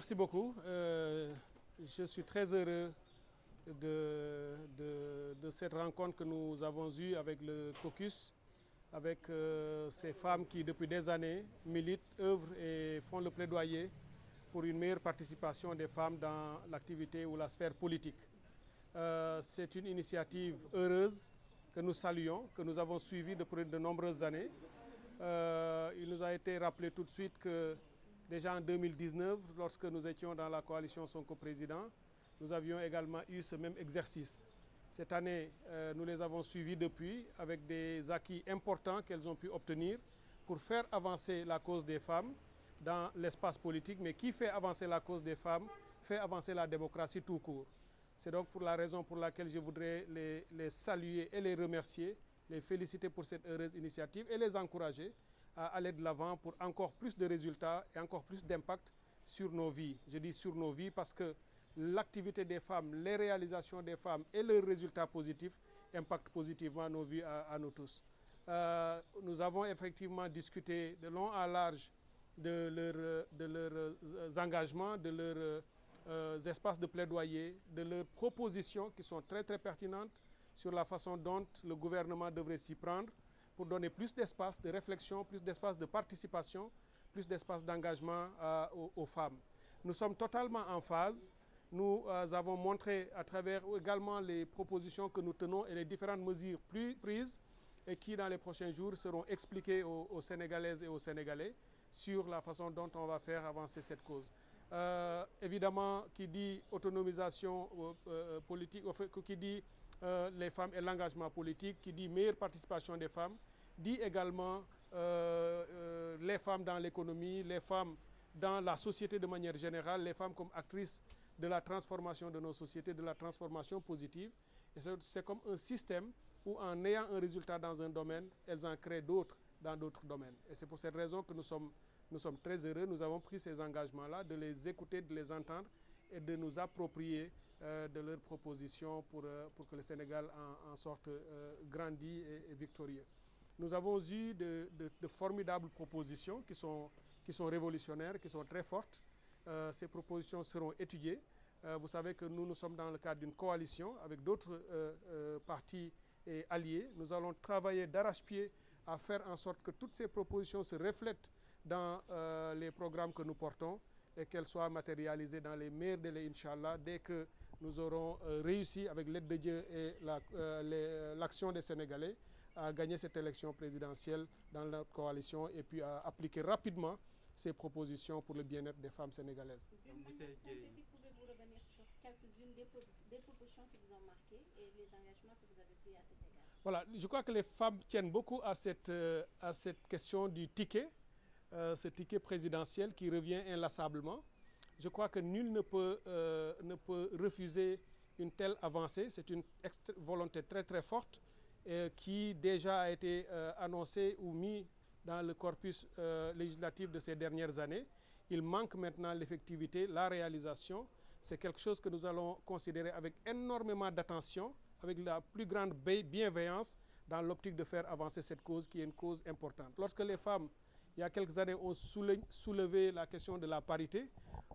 merci beaucoup. Euh, je suis très heureux de, de, de, cette rencontre que nous avons eue avec le caucus, avec euh, ces femmes qui, depuis des années, militent, œuvrent et font le plaidoyer pour une meilleure participation des femmes dans l'activité ou la sphère politique. Euh, C'est une initiative heureuse que nous saluons, que nous avons suivie depuis de nombreuses années. Euh, il nous a été rappelé tout de suite Déjà en 2019, lorsque nous étions dans la coalition Sonko Président, nous avions également eu ce même exercice. Cette année, euh, nous les avons suivis depuis avec des acquis importants qu'elles ont pu pour faire avancer la cause des femmes dans l'espace politique. Mais qui fait avancer la cause des femmes fait avancer la démocratie tout court. pour la raison pour laquelle je voudrais les, les saluer et les remercier, les féliciter pour cette heureuse et les encourager à aller de l'avant pour encore plus de résultats et encore plus d'impact sur nos vies. Je parce que l'activité des femmes, les réalisations des femmes et leurs résultats positifs impactent positivement nos vies à, à nous tous. Euh, nous avons effectivement discuté de long à large de, leur, de leurs euh, engagements, de leurs euh, espaces de plaidoyer, de leurs propositions qui sont très très pertinentes sur la façon dont le gouvernement devrait s'y prendre. pour donner plus d'espace de réflexion, plus d'espace de participation, plus d'espace d'engagement euh, aux, aux, femmes. Nous sommes totalement en phase. Nous euh, avons montré à travers également les propositions que nous tenons et les différentes mesures plus prises et qui dans les prochains jours seront expliquées aux, aux et aux Sénégalais sur la façon dont on va faire avancer cette cause. Euh, évidemment, qui dit autonomisation euh, euh politique, qui dit euh, les femmes et l'engagement politique, qui dit meilleure participation des femmes, dit également euh, les femmes dans l'économie, les femmes dans la société de manière générale, les femmes comme actrices de la transformation de nos sociétés, de la transformation positive. Et comme un système où en ayant un résultat dans un domaine, elles en créent d'autres dans d'autres domaines. Et c'est pour cette raison que nous sommes Nous sommes très heureux, nous avons pris ces engagements-là, de les écouter, de les entendre et de nous approprier euh, de leurs propositions pour, euh, pour que le Sénégal en, en sorte euh, grandi et, et, victorieux. Nous avons eu de, de, de, formidables propositions qui sont, qui sont révolutionnaires, qui sont très fortes. Euh, ces propositions seront étudiées. Euh, vous savez que nous, nous sommes dans le cadre d'une coalition avec d'autres euh, partis et alliés. Nous allons travailler d'arrache-pied à faire en sorte que toutes ces propositions se reflètent dans euh, les programmes que nous portons et qu'elles soient matérialisées dans les meilleurs délais, Inch'Allah, dès que nous aurons euh, réussi, avec l'aide de l'action la, euh, euh des Sénégalais, à gagner cette élection présidentielle dans notre coalition et puis à appliquer rapidement ces propositions pour le bien-être des femmes sénégalaises. Une pouvez les engagements que vous avez pris à cet égard Voilà, je crois que les femmes tiennent beaucoup à cette, euh, à cette question du ticket, euh, ce ticket présidentiel qui revient inlassablement. Je crois que nul ne peut, euh, ne peut refuser une telle avancée. C'est une volonté très très forte euh, qui déjà a été euh, annoncée ou mise dans le corpus euh, législatif de ces dernières années. Il manque maintenant l'effectivité, la réalisation. C'est quelque chose que nous allons considérer avec énormément d'attention. avec la plus grande bienveillance dans l'optique de faire avancer cette cause qui est une cause importante. Lorsque les femmes, il y a quelques années, ont soulevé la question de la parité,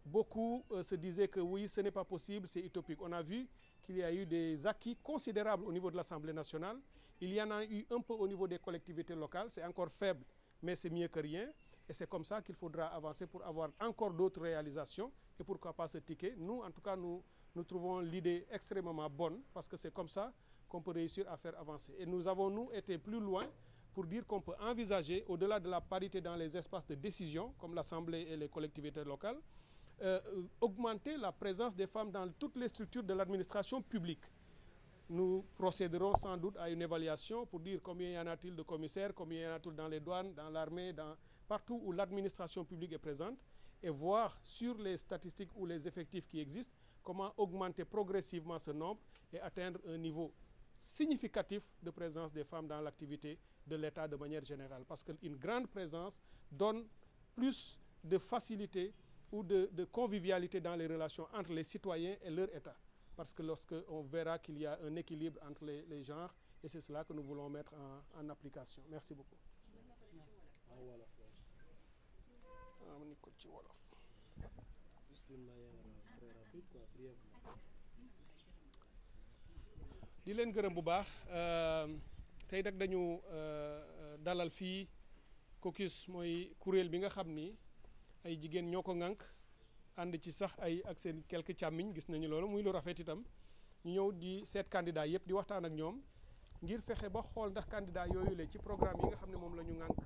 beaucoup euh, se disaient que oui, ce n'est pas possible, c'est utopique. On a vu qu'il y a eu des acquis considérables au niveau de l'Assemblée nationale. Il y en a eu un peu au niveau des collectivités locales, c'est encore faible, mais c'est mieux que rien. Et c'est comme ça qu'il faudra avancer pour avoir encore d'autres réalisations et pourquoi pas ce ticket. Nous, en tout cas, nous nous trouvons l'idée extrêmement bonne parce que c'est comme ça qu'on peut réussir à faire avancer. Et nous avons, nous, été plus loin pour dire qu'on peut envisager, au-delà de la parité dans les espaces de décision, comme l'Assemblée et les collectivités locales, euh, augmenter la présence des femmes dans toutes les structures de l'administration publique. Nous procéderons sans doute pour dire combien y en a-t-il de commissaires, combien y en a-t-il dans les douanes, dans l'armée, dans partout où l'administration publique est présente, les statistiques les effectifs qui comment augmenter progressivement ce nombre et atteindre un niveau significatif de présence des femmes dans l'activité de l'État de manière générale. Parce qu'une grande présence donne plus de facilité ou de, de, convivialité dans les relations entre les citoyens et leur État. Parce que lorsqu'on verra qu'il y a un équilibre entre les, les genres, et c'est cela que nous voulons mettre en, application. d'une di leen gërëm bu baax euh, tey nag dañu euh, dalal fii COCUS mooy kuréel bi nga xam ni ay jigéen ñoo ko ŋànk ànd ci sax ay ak seen quelque càmmiñ gis nañu loolu muy lu rafet itam ñu ñëw di seet candidat yëpp di waxtaan ak ñoom ngir fexe ba xool ndax candidat yooyu la ci programme yi nga xam ne moom lañu ñu ŋànk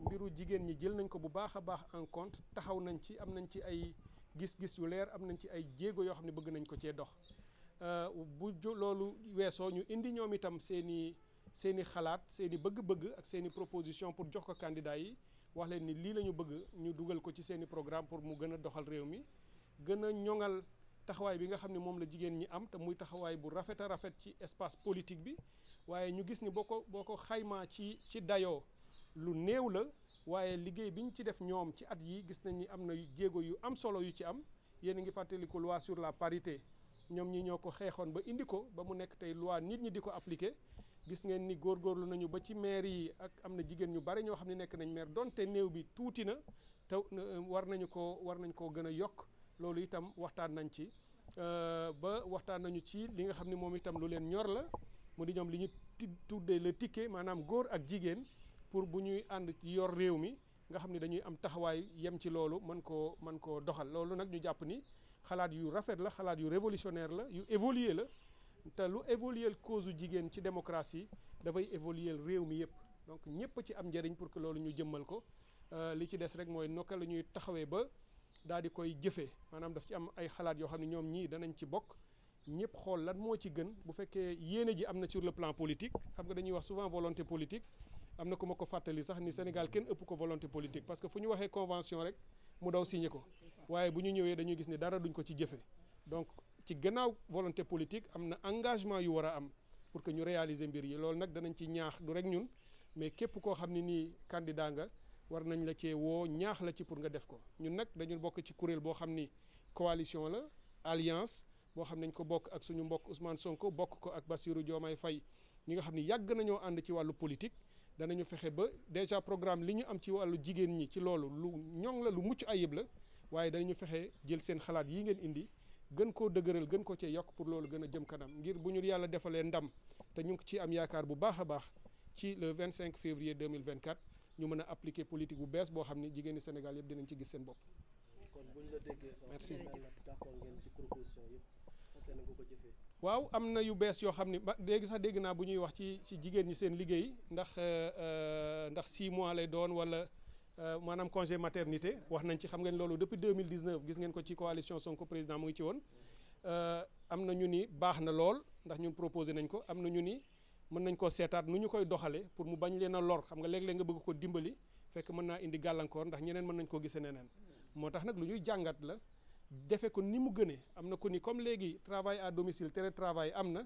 mbiru jigéen ñi jël nañ ko bu baax a baax en compte taxaw nañ ci am nañ ci ay gis-gis yu leer am nañ ci ay jéego yoo xam ne bëgg nañ ko cee dox euh, bu loolu weesoo ñu indi ñoom itam seen i seen i xalaat seen i bëgg-bëgg ak seen i proposition pour jox ko kandidaa yi wax leen ni lii la ñu bëgg ñu dugal ko ci seen programme pour mu gën a doxal réew mi gën a ñoŋal taxawaay bi nga xam ne moom la jigéen ñi am te muy taxawaay bu rafet a rafet ci espace politique bi waaye ñu gis ni boo ko boo ko xaymaa ci ci dayoo lu néew la waaye liggéey bi ñu ci def ñoom ci at yi gis nañ ni am na jéego yu am solo yu ci am yéen a ngi fàttaliku loi sur la parité ñoom ñi ñoo ko xeexoon ba indi ko ba mu nekk tey loi nit ñi di ko appliqué gis ngeen ni góor góorlu nañu ba ci maire yi ak am na jigéen ñu bari ñoo xam ne nekk nañ meer donte néew bi tuuti na te euh, war nañu ko war nañ koo gën a yokk loolu itam waxtaan nañ ci euh, ba waxtaan nañu ci li nga xam ne moom itam lu leen ñor la mu di ñoom li ñu tuddee le ticket maanaam góor ak jigéen pour bu ñuy ànd ci yor réew mi nga xam ne dañuy am taxawaay yem ci loolu mën koo mën koo doxal loolu nag ñu jàpp ni xalaat yu rafet la xalaat yu révolutionnaire la yu évoluer la te lu évoluer cause u jigéen ci démocratie dafay évoluer réew mi yëpp donc ñëpp ci am njëriñ pour que loolu ñu jëmmal ko euh, li ci des rek mooy nokka la ñuy taxawee ba daal di koy jëfee maanaam daf ci am ay xalaat yoo xam ne ñoom ñii danañ ci bokk ñëpp xool lan moo ci gën bu fekkee yéene ji am na sur le plan politique xam nga dañuy wax souvent volonté politique am na ku ma ko fàttali sax ni Sénégal kenn ëpp ko volonté politique parce que fu ñu waxee convention rek mu daw signé ko waaye bu ñu ñëwee dañuy gis ni dara duñ ko ci jëfe donc ci gannaaw volonté politique am na engagement yu war a am pour que ñu réaliser mbir yi loolu nag danañ ci ñaax du rek ñun mais képp koo xam ne nii candidat nga war nañ la cee woo ñaax la ci pour nga def ko ñun nag dañu bokk ci kuréel boo xam ni coalition la alliance boo xam nañ ko bokk ak suñu mbokk Ousmane Sonko bokk ko ak Bassirou Diomaye Faye ñi nga xam ni yàgg nañoo ànd ci wàllu politique dana ñu fexe ba déjà programme li ñu am ci wàllu jigéen ñi ci loolu lu ñoŋ la lu mucc ayib la waaye danañu fexe jël seen xalaat yi ngeen indi gën koo dëgëral gën ko cee yokk pour loolu gën a jëm kanam ngir bu ñu yàlla defalee ndam te ñu ngi ciy am yaakaar bu baax a baax ci le 25 février 2024 ñu mën a appliquer politique bu bees boo xam ne jigéeni Sénégal yëpp dinañ ci gis seen bopp. kon bu ngeen ci proposition yëpp. waaw am na yu bees yoo xam ne ba léegi sax dégg naa bu ñuy wax ci ci jigéen ñi seen liggéey ndax euh, euh, ndax 6 mois lay doon wala euh, maanaam congé maternité wax nañ ci xam ngeen loolu depuis 2019 gis ngeen ko ci coalition Sonko président mu ngi ci woon am na ñu ni baax na lool ndax ñu proposé nañ ko am na ñu ni mën nañ koo seetaat nu ñu koy doxalee pour mu bañ leen a lor xam nga léeg-léeg nga bëgg ko dimbali fekk mën naa indi gàllankoor ndax ñeneen mën nañ koo gisee neneen moo tax nag lu ñuy jàngat la defe ko ni mu gënee am na ko ni comme léegi travail à domicile télétravail am na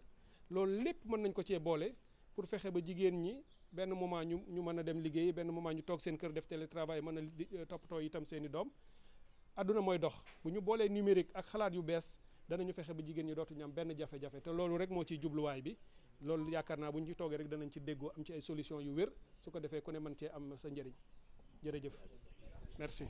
loolu lépp mën nañ ko cee boole pour fexe ba jigéen ñi benn moment ñu ñu mën a dem liggéey benn moment ñu toog seen kër def télétravail mën a euh, toppatoo itam seen i doom adduna mooy dox bu ñu boolee numérique ak xalaat yu bees danañu fexe ba jigéen ñi dootuñu am benn jafe-jafe te loolu rek moo ciy jubluwaay bi loolu yaakaar naa bu ñu ci toogee rek danañ ci déggoo am ci ay yu wér su ko ne mën cee am sa njëriñ jërëjëf merci